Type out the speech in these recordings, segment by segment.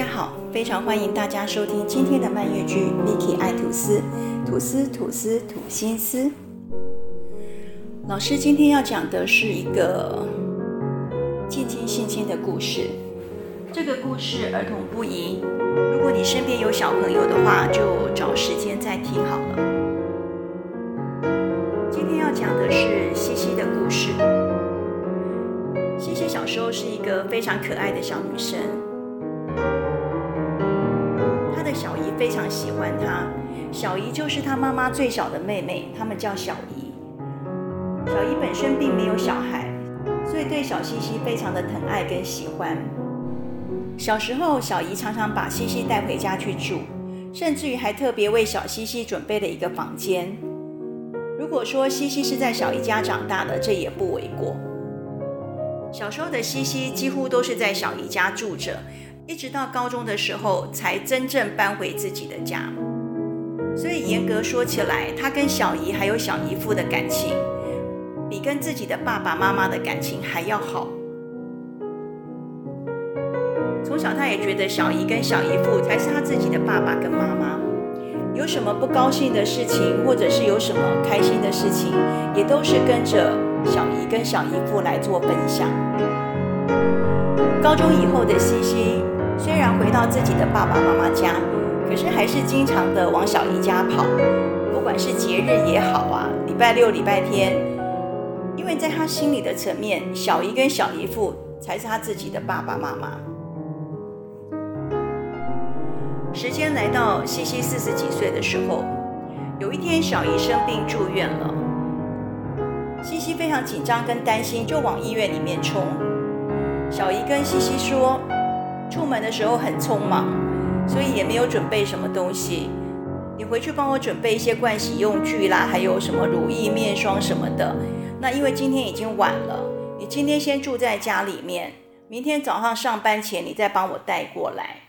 大家好，非常歡迎大家收聽今天的慢月劇。Miki 愛吐司，吐司，吐司吐司吐心思。老師今天要講的是一個近親性侵的故事。這個故事兒童不宜，如果你身邊有小朋友的話，就找時間再聽好了。今天要講的是西西的故事。西西小時候是一個非常可愛的小女生。小姨非常喜歡她，小姨就是她媽媽最小的妹妹，她們叫小姨。小姨本身並沒有小孩，所以對小西西非常的疼愛跟喜歡。小時候，小姨常常把西西帶回家去住，甚至於還特別為小西西準備了一個房間。如果說西西是在小姨家長大的，這也不為過。小時候的西西幾乎都是在小姨家住着。一直到高中的時候，才真正搬回自己的家。所以嚴格說起來，他跟小姨還有小姨父的感情，比跟自己的爸爸媽媽的感情還要好。從小他也覺得小姨跟小姨父才是他自己的爸爸跟媽媽。有什麼不高興的事情，或者是有什麼開心的事情，也都是跟着小姨跟小姨父來做分享。高中以後的西西。雖然回到自己的爸爸媽媽家，可是還是經常的往小姨家跑。不管是節日也好啊，禮拜六、禮拜天，因為在她心裡的層面，小姨跟小姨父才是她自己的爸爸媽媽。時間來到西西四十幾歲的時候，有一天小姨生病住院了，西西非常緊張跟擔心，就往醫院裡面衝。小姨跟西西說，出門的時候很匆忙，所以也沒有準備什麼東西。你回去幫我準備一些盥洗用具啦，還有什麼乳液、面霜什麼的。那因為今天已經晚了，你今天先住在家裡面，明天早上上班前你再幫我帶過來。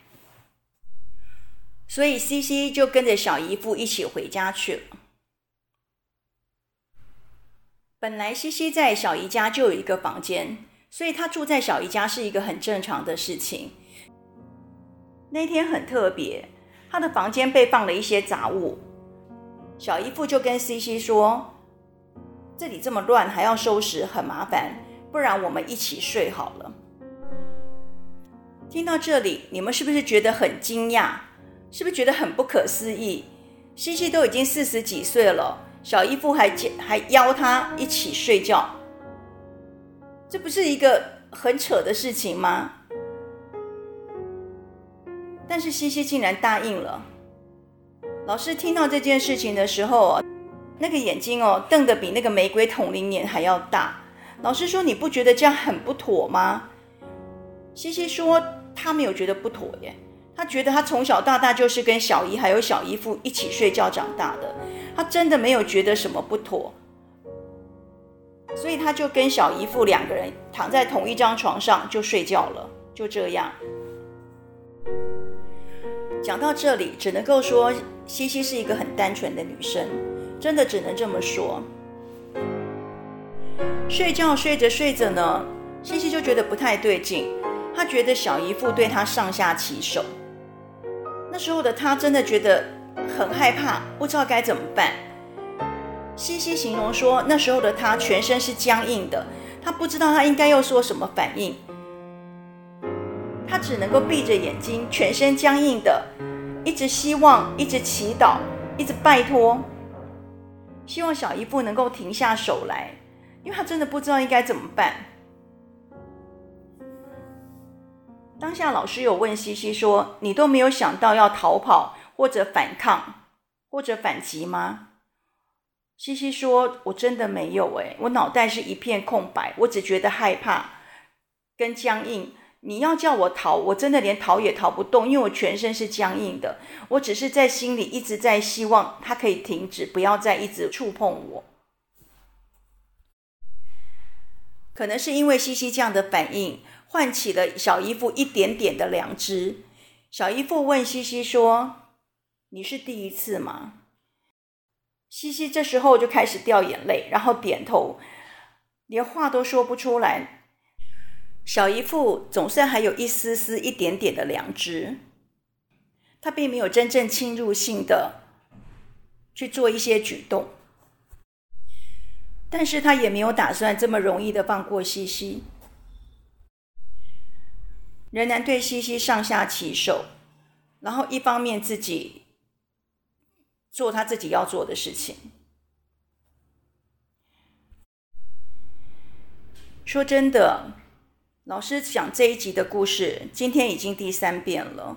所以西西就跟着小姨夫一起回家去了。本來西西在小姨家就有一個房間，所以她住在小姨家是一個很正常的事情。那天很特別，他的房間被放了一些雜物，小姨父就跟西西說：“這裡這麼亂，還要收拾，很麻煩，不然我們一起睡好了。”聽到這裡，你們是不是覺得很驚訝？是不是覺得很不可思議？西西都已經四十幾歲了，小姨父還接還邀他一起睡覺，這不是一個很扯的事情嗎？但是西西竟然答應了。老師聽到這件事情的時候，那個眼睛哦瞪得比那個玫瑰瞳鈴眼還要大。老師說：“你不覺得這樣很不妥嗎？”西西說：“他沒有覺得不妥耶，他覺得他從小到大，大就是跟小姨還有小姨夫一起睡覺長大的，他真的沒有覺得什麼不妥。”所以他就跟小姨夫兩個人躺在同一張床上就睡覺了，就這樣。講到這裡，只能夠說西西是一個很單純的女生，真的只能這麼說。睡覺睡着睡着呢，西西就覺得不太對勁，她覺得小姨父對她上下其手。那時候的她真的覺得很害怕，不知道該怎麼辦。西西形容說，那時候的她全身是僵硬的，她不知道她應該要說什麼反應。他只能夠閉着眼睛，全身僵硬的，一直希望，一直祈禱，一直拜託，希望小姨父能夠停下手來，因為他真的不知道應該怎麼辦。當下老師有問西西說：“你都沒有想到要逃跑，或者反抗，或者反擊嗎？”西西說：“我真的沒有、欸，哎，我腦袋是一片空白，我只覺得害怕跟僵硬。”你要叫我逃，我真的連逃也逃不動，因為我全身是僵硬的。我只是在心裡一直在希望他可以停止，不要再一直觸碰我。可能是因為西西這樣的反應，喚起了小姨夫一點點的良知。小姨夫問西西說：“你是第一次嗎？”西西這時候就開始掉眼淚，然後點頭，連話都說不出來。小姨父總算還有一絲絲、一點點的良知，他並沒有真正侵入性的去做一些舉動，但是他也沒有打算這麼容易的放過西西，仍然對西西上下其手，然後一方面自己做他自己要做的事情。說真的。老師講這一集的故事，今天已經第三遍了。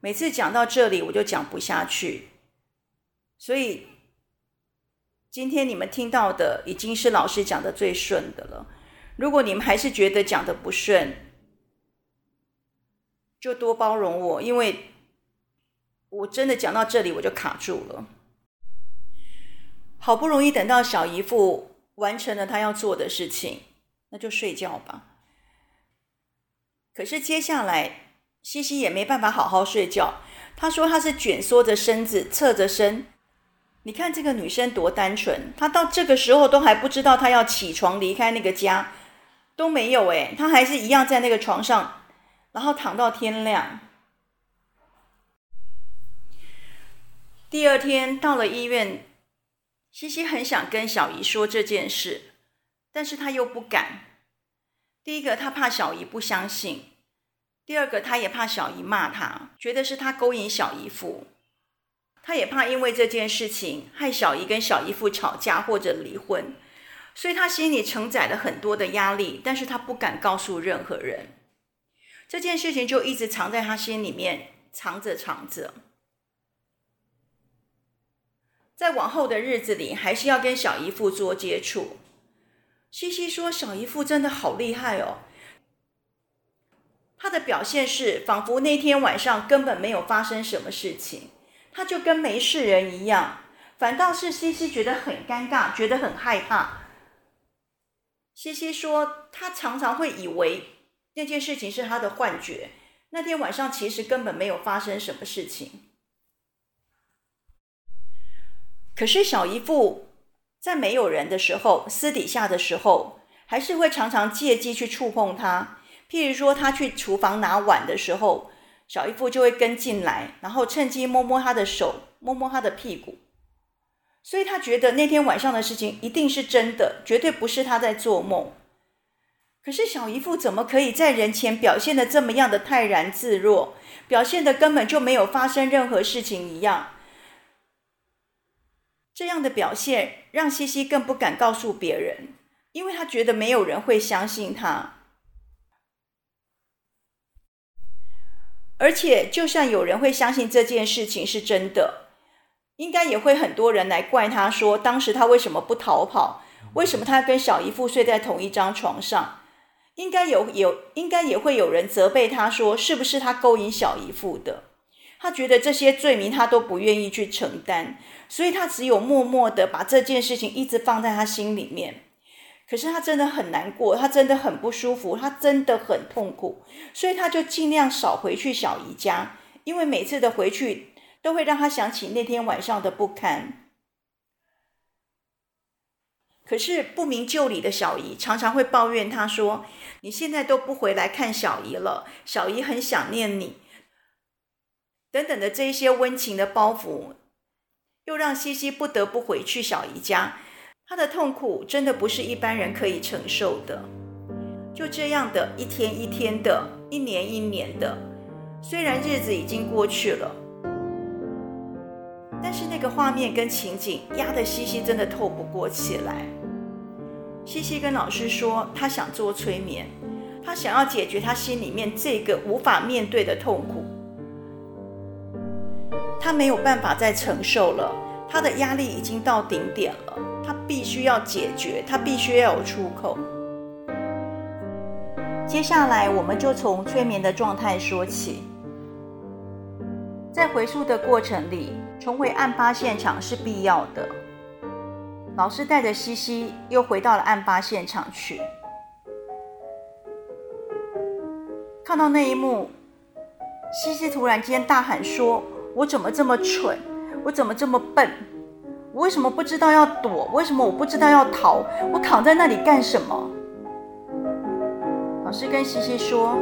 每次講到這裡，我就講不下去。所以今天你們聽到的已經是老師講得最順的了。如果你們還是覺得講得不順，就多包容我，因為我真的講到這裡我就卡住了。好不容易等到小姨父完成了他要做的事情，那就睡覺吧。可是接下來，西西也沒辦法好好睡覺。她說她是蜷縮着身子，側着身。你看這個女生多單純，她到這個時候都還不知道她要起床離開那個家，都沒有哎，她還是一樣在那個床上，然後躺到天亮。第二天到了醫院，西西很想跟小姨說這件事，但是她又不敢。第一個，他怕小姨不相信；第二個，他也怕小姨罵他，覺得是他勾引小姨父。他也怕因為這件事情害小姨跟小姨父吵架或者離婚，所以他心裡承載了很多的壓力，但是他不敢告訴任何人，這件事情就一直藏在他心裡面，藏着藏着。在往後的日子裡，還是要跟小姨夫多接觸。西西說：“小姨父真的好厲害哦，他的表現是仿佛那天晚上根本沒有發生什麼事情，他就跟沒事人一樣。反倒是西西覺得很尷尬，覺得很害怕。西西說，他常常會以為那件事情是他的幻覺，那天晚上其實根本沒有發生什麼事情。可是小姨父。”在沒有人的時候，私底下的時候，還是會常常借機去觸碰他。譬如說，他去廚房拿碗的時候，小姨父就會跟進來，然後趁機摸摸他的手，摸摸他的屁股。所以他覺得那天晚上的事情一定是真的，絕對不是他在做夢。可是小姨父怎麼可以在人前表現得這麼樣的泰然自若，表現得根本就沒有發生任何事情一樣？這樣的表現讓西西更不敢告訴別人，因為他覺得沒有人會相信他。而且，就算有人會相信這件事情是真的，應該也會很多人來怪他，說當時他為什麼不逃跑？為什麼他跟小姨夫睡在同一張床上？應該有有，應該也會有人責備他說，是不是他勾引小姨夫的？他覺得這些罪名他都不願意去承擔，所以他只有默默的把這件事情一直放在他心裡面。可是他真的很難過，他真的很不舒服，他真的很痛苦，所以他就儘量少回去小姨家，因為每次的回去都會讓他想起那天晚上的不堪。可是不明就裡的小姨常常會抱怨他說：“你現在都不回來看小姨了，小姨很想念你。”等等的這一些溫情的包袱，又讓西西不得不回去小姨家。她的痛苦真的不是一般人可以承受的。就這樣的一天一天的，一年一年的，雖然日子已經過去了，但是那個畫面跟情景壓得西西真的透不過氣來。西西跟老師說，她想做催眠，她想要解決她心裡面這個無法面對的痛苦。他沒有辦法再承受了，他的壓力已經到頂點了，他必須要解決，他必須要有出口。接下來，我們就從催眠的狀態說起。在回溯的過程裡，重回案發現場是必要的。老師帶着西西又回到了案發現場去，看到那一幕，西西突然間大喊說，我怎麼這麼蠢？我怎麼這麼笨？我為什麼不知道要躲？為什麼我不知道要逃？我躺在那裡幹什麼？老師跟西西說：“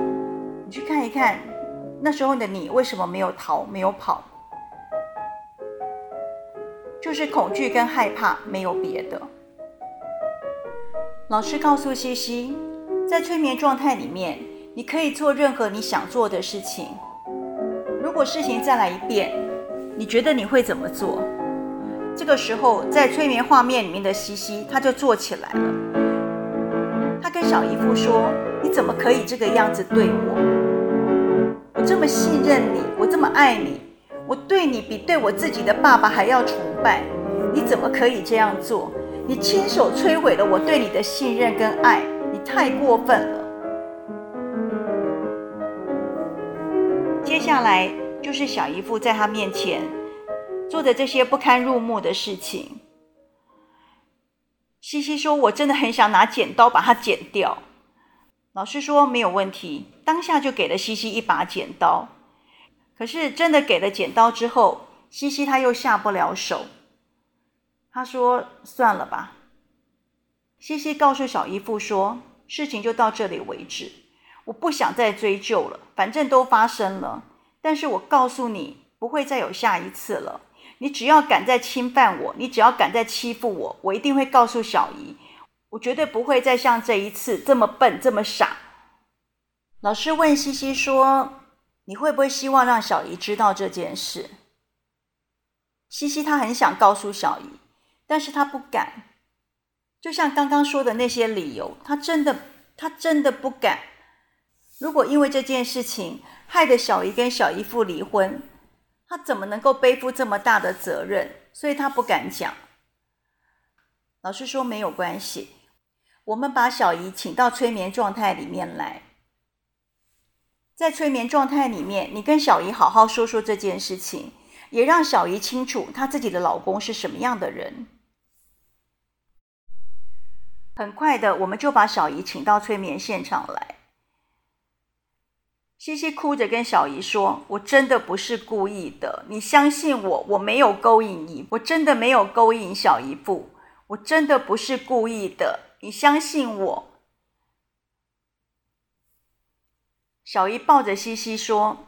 你去看一看，那時候的你為什麼沒有逃，沒有跑？就是恐懼跟害怕，沒有別的。”老師告訴西西，在催眠狀態裡面，你可以做任何你想做的事情。如果事情再來一遍，你覺得你會怎麼做？這個時候，在催眠畫面裡面的西西，他就坐起來了。他跟小姨夫說：“你怎麼可以這個樣子對我？我這麼信任你，我這麼愛你，我對你比對我自己的爸爸還要崇拜。你怎麼可以這樣做？你親手摧毀了我對你的信任跟愛，你太過分了。”接下來，就是小姨夫在他面前做的這些不堪入目的事情。西西說：“我真的很想拿剪刀把它剪掉。”老師說：“沒有問題。”當下就給了西西一把剪刀。可是真的給了剪刀之後，西西她又下不了手。她說：“算了吧。”西西告訴小姨夫說：“事情就到這裡為止，我不想再追究了，反正都發生了。”但是我告訴你，不會再有下一次了。你只要敢再侵犯我，你只要敢再欺負我，我一定會告訴小姨，我絕對不會再像這一次這麼笨，這麼傻。老師問西西說：“你會不會希望讓小姨知道這件事？”西西她很想告訴小姨，但是她不敢。就像剛剛說的那些理由，她真的，她真的不敢。如果因為這件事情，害得小姨跟小姨夫離婚，她怎麼能夠背負這麼大的責任？所以她不敢講。老師說沒有關係，我們把小姨請到催眠狀態裡面來，在催眠狀態裡面，你跟小姨好好說說這件事情，也讓小姨清楚她自己的老公是什麼樣的人。很快的，我們就把小姨請到催眠現場來。西西哭着跟小姨說：“我真的不是故意的，你相信我，我沒有勾引你，我真的沒有勾引小姨父，我真的不是故意的，你相信我。”小姨抱着西西說：“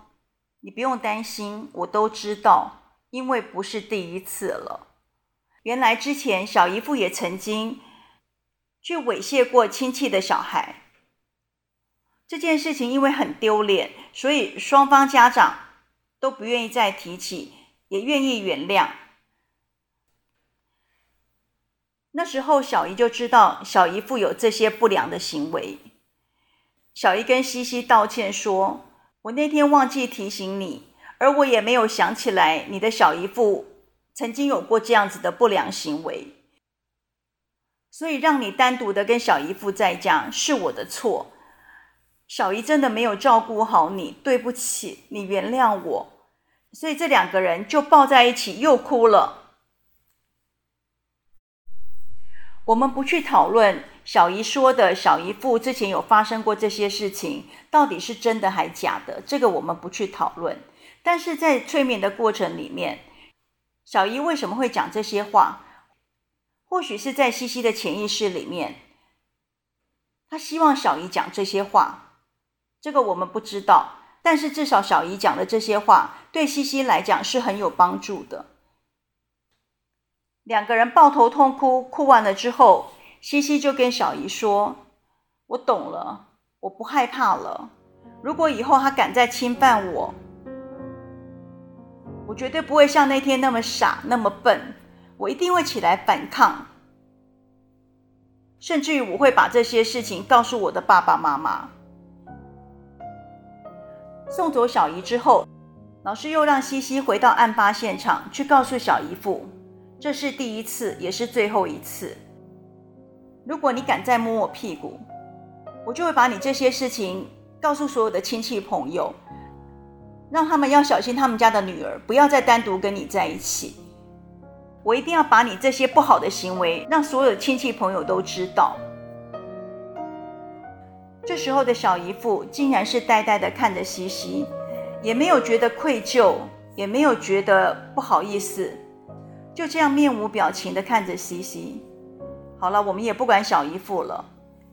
你不用擔心，我都知道，因為不是第一次了。原來之前小姨父也曾經，去猥褻過親戚的小孩。”這件事情因為很丟臉，所以雙方家長都不願意再提起，也願意原諒。那時候小姨就知道小姨父有這些不良的行為，小姨跟西西道歉說：“我那天忘記提醒你，而我也沒有想起來你的小姨父曾經有過這樣子的不良行為，所以讓你單獨的跟小姨父在家是我的錯。”小姨真的沒有照顧好你，對不起，你原諒我。所以這兩個人就抱在一起，又哭了。我們不去討論小姨說的小姨父之前有發生過這些事情，到底是真的還假的，這個我們不去討論。但是在催眠的過程裡面，小姨為什麼會講這些話？或許是在西西的潛意識裡面，她希望小姨講這些話。這個我們不知道，但是至少小姨講的這些話對西西來講是很有幫助的。兩個人抱頭痛哭，哭完了之後，西西就跟小姨說：“我懂了，我不害怕了。如果以後他敢再侵犯我，我絕對不會像那天那麼傻，那麼笨，我一定會起來反抗，甚至於我會把這些事情告訴我的爸爸媽媽。”送走小姨之後，老師又讓西西回到案發現場去告訴小姨父：“這是第一次，也是最後一次。如果你敢再摸我屁股，我就會把你這些事情告訴所有的親戚朋友，讓他們要小心他們家的女兒，不要再單獨跟你在一起。我一定要把你這些不好的行為讓所有親戚朋友都知道。”這時候的小姨父竟然是呆呆的看着西西，也沒有覺得愧疚，也沒有覺得不好意思，就這樣面無表情的看着西西。好了，我們也不管小姨父了，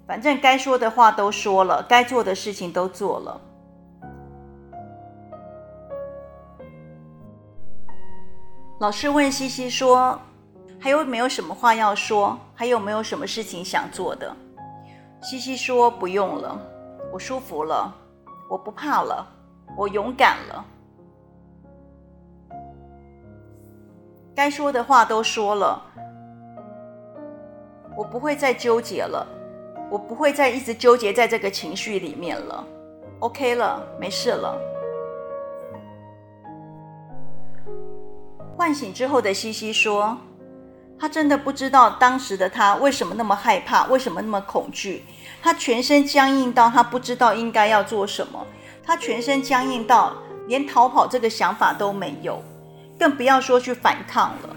反正該說的話都說了，該做的事情都做了。老師問西西說：“還有沒有什麼話要說？還有沒有什麼事情想做的？”西西說：“不用了，我舒服了，我不怕了，我勇敢了。該說的話都說了，我不會再糾結了，我不會再一直糾結在這個情緒裡面了。OK 了，沒事了。”喚醒之後的西西說。他真的不知道當時的他為什麼那麼害怕，為什麼那麼恐懼？他全身僵硬到他不知道應該要做什麼，他全身僵硬到連逃跑這個想法都沒有，更不要說去反抗了。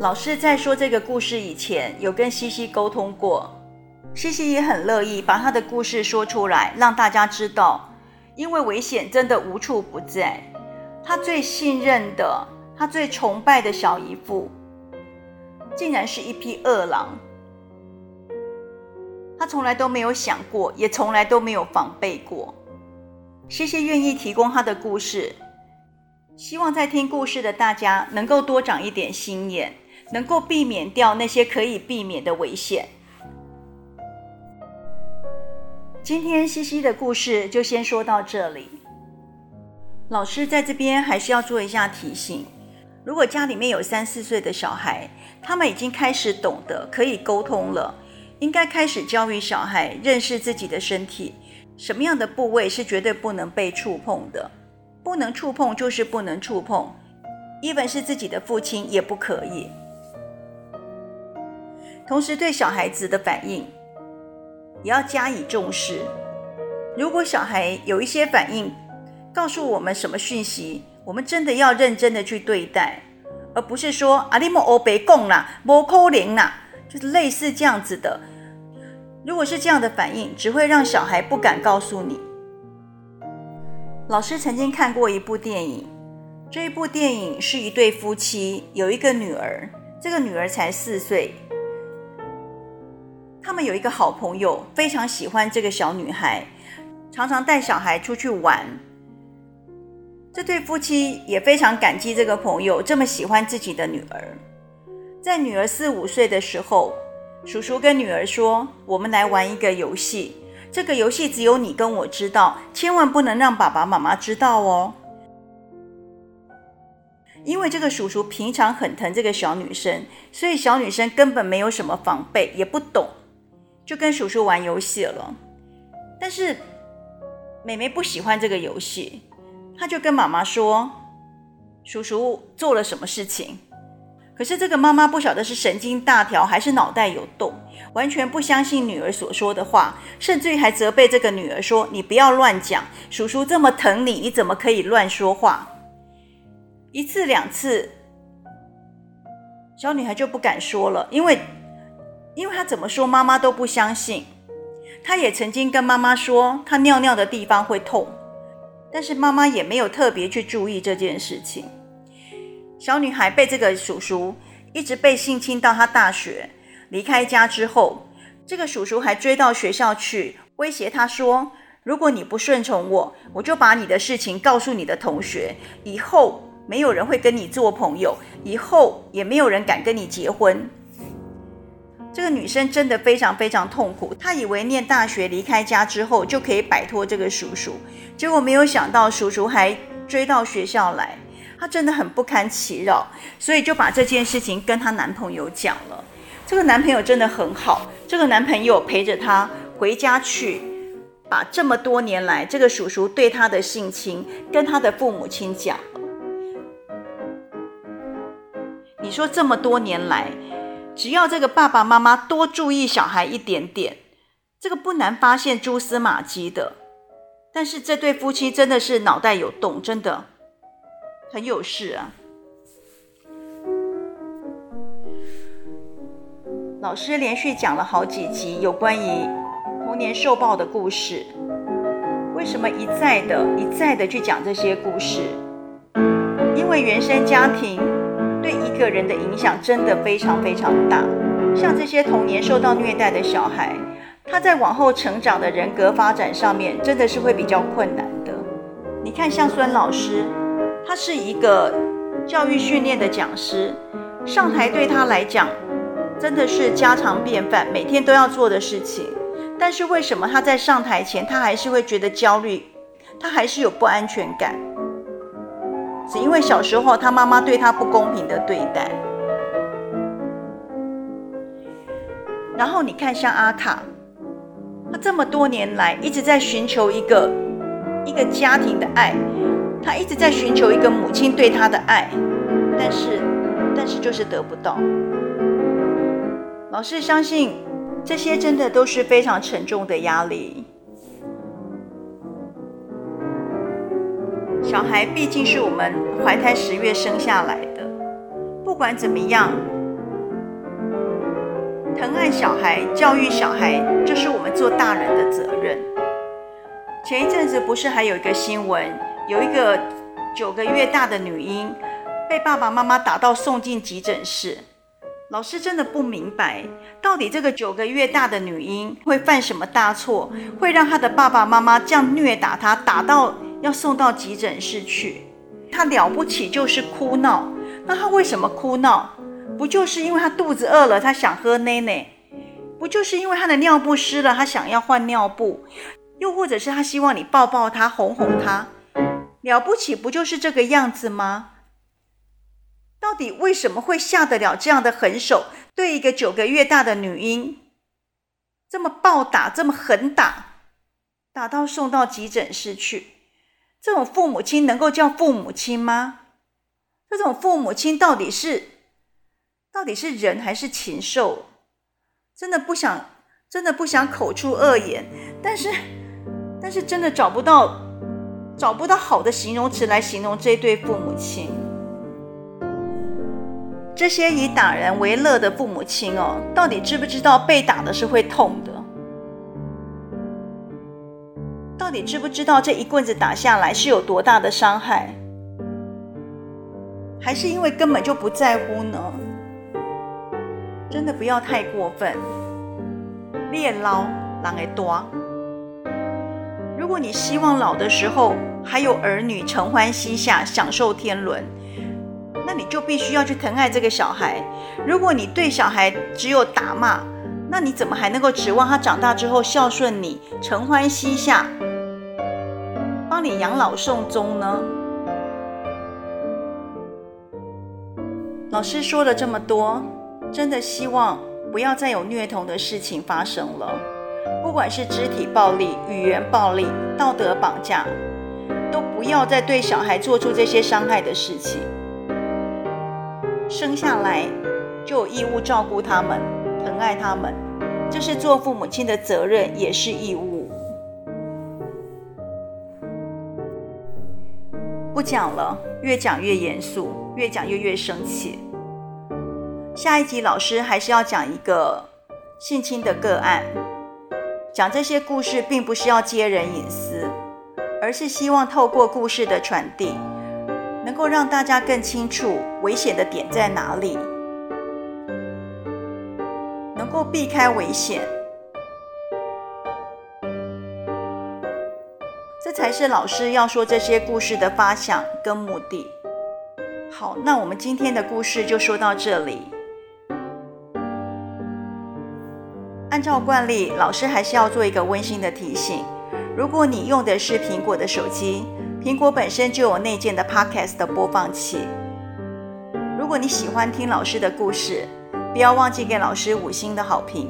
老師在說這個故事以前，有跟西西溝通過，西西也很樂意把他的故事說出來，讓大家知道。因為危險真的無處不在，他最信任的、他最崇拜的小姨父，竟然是一匹惡狼。他從來都沒有想過，也從來都沒有防備過。謝謝願意提供他的故事，希望在聽故事的大家能夠多長一點心眼，能夠避免掉那些可以避免的危險。今天西西的故事就先說到這裡。老師在這邊還是要做一下提醒：如果家裡面有三四歲的小孩，他們已經開始懂得可以溝通了，應該開始教育小孩認識自己的身體，什麼樣的部位是絕對不能被觸碰的，不能觸碰就是不能觸碰，even 是自己的父親也不可以。同時對小孩子的反應。也要加以重視。如果小孩有一些反應，告訴我們什麼訊息，我們真的要認真的去對待，而不是說“阿里莫歐北共啦，莫可憐啦”，就是類似這樣子的。如果是這樣的反應，只會讓小孩不敢告訴你。老師曾經看過一部電影，這一部電影是一對夫妻，有一個女兒，這個女兒才四歲。他們有一個好朋友，非常喜歡這個小女孩，常常帶小孩出去玩。這對夫妻也非常感激這個朋友這麼喜歡自己的女兒。在女兒四五歲的時候，叔叔跟女兒說：“我們來玩一個遊戲，這個遊戲只有你跟我知道，千萬不能讓爸爸媽媽知道哦。”因為這個叔叔平常很疼這個小女生，所以小女生根本沒有什麼防備，也不懂。就跟叔叔玩遊戲了，但是妹妹不喜歡這個遊戲，她就跟媽媽說：“叔叔做了什麼事情？”可是這個媽媽不曉得是神經大條還是腦袋有洞，完全不相信女兒所說的話，甚至於還責備這個女兒說：“你不要亂講，叔叔這麼疼你，你怎麼可以亂說話？”一次兩次，小女孩就不敢說了，因為。因為他怎麼說，媽媽都不相信。他也曾經跟媽媽說，他尿尿的地方會痛，但是媽媽也沒有特別去注意這件事情。小女孩被這個叔叔一直被性侵到她大學離開家之後，這個叔叔還追到學校去威脅她說：“如果你不順從我，我就把你的事情告訴你的同學，以後沒有人會跟你做朋友，以後也沒有人敢跟你結婚。”這個女生真的非常非常痛苦，她以為念大學離開家之後就可以擺脫這個叔叔，結果沒有想到叔叔還追到學校來，她真的很不堪其擾，所以就把這件事情跟她男朋友講了。這個男朋友真的很好，這個男朋友陪着她回家去，把這麼多年來這個叔叔對她的性侵跟她的父母親講了。你說這麼多年來？只要這個爸爸媽媽多注意小孩一點點，這個不難發現蛛絲馬跡的。但是這對夫妻真的是腦袋有洞，真的很有事啊！老師連續講了好幾集有關於童年受暴的故事，為什麼一再的、一再的去講這些故事？因為原生家庭。對一個人的影響真的非常非常大，像這些童年受到虐待的小孩，他在往後成長的人格發展上面真的是會比較困難的。你看，像孫老師，他是一個教育訓練的講師，上台對他來講真的是家常便飯，每天都要做的事情。但是為什麼他在上台前，他還是會覺得焦慮，他還是有不安全感？只因為小時候他媽媽對他不公平的對待，然後你看像阿卡，他這麼多年來一直在尋求一個一個家庭的愛，他一直在尋求一個母親對他的愛，但是但是就是得不到。老師相信這些真的都是非常沉重的壓力。小孩畢竟是我們懷胎十月生下來的，不管怎麼樣，疼愛小孩、教育小孩，這是我們做大人的責任。前一陣子不是還有一個新聞，有一個九個月大的女嬰被爸爸媽媽打到送進急診室。老師真的不明白，到底這個九個月大的女嬰會犯什麼大錯，會讓她的爸爸媽媽這樣虐打她，打到要送到急診室去，他了不起就是哭鬧。那他為什麼哭鬧？不就是因為他肚子餓了，他想喝奶奶？不就是因為他的尿布濕了，他想要換尿布？又或者是他希望你抱抱他，哄哄他？了不起不就是這個樣子嗎？到底為什麼會下得了這樣的狠手，對一個九個月大的女嬰這麼暴打，這麼狠打，打到送到急診室去？這種父母親能夠叫父母親嗎？這種父母親到底是到底是人還是禽獸？真的不想，真的不想口出惡言，但是但是真的找不到找不到好的形容詞來形容這對父母親。這些以打人為樂的父母親哦，到底知不知道被打的是會痛的？到底知不知道這一棍子打下來是有多大的傷害，還是因為根本就不在乎呢？真的不要太過分。獵撈人多。如果你希望老的時候還有兒女承歡膝下，享受天倫，那你就必須要去疼愛這個小孩。如果你對小孩只有打罵，那你怎麼還能夠指望他長大之後孝順你，承歡膝下？幫你養老送終呢。老師說了這麼多，真的希望不要再有虐童的事情發生了。不管是肢體暴力、語言暴力、道德綁架，都不要再對小孩做出這些傷害的事情。生下來就有義務照顧他們、疼愛他們，這是做父母親的責任，也是義務。不講了，越講越嚴肅，越講越越生氣。下一集老師還是要講一個性侵的個案。講這些故事並不是要揭人隱私，而是希望透過故事的傳遞，能夠讓大家更清楚危險的點在哪裡，能夠避開危險。才是老師要說這些故事的發想跟目的。好，那我們今天的故事就說到這裡。按照慣例，老師還是要做一個溫馨的提醒：如果你用的是蘋果的手機，蘋果本身就有內建的 Podcast 的播放器。如果你喜歡聽老師的故事，不要忘記給老師五星的好評。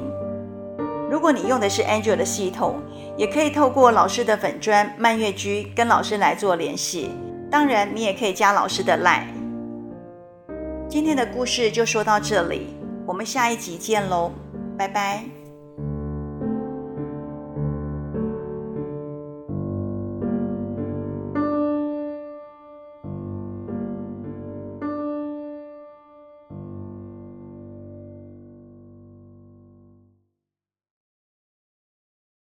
如果你用的是 Android 的系統，也可以透過老師的粉專蔓月居，跟老師來做聯繫，當然你也可以加老師的 line。今天的故事就說到這裡，我們下一集見嘍，拜拜。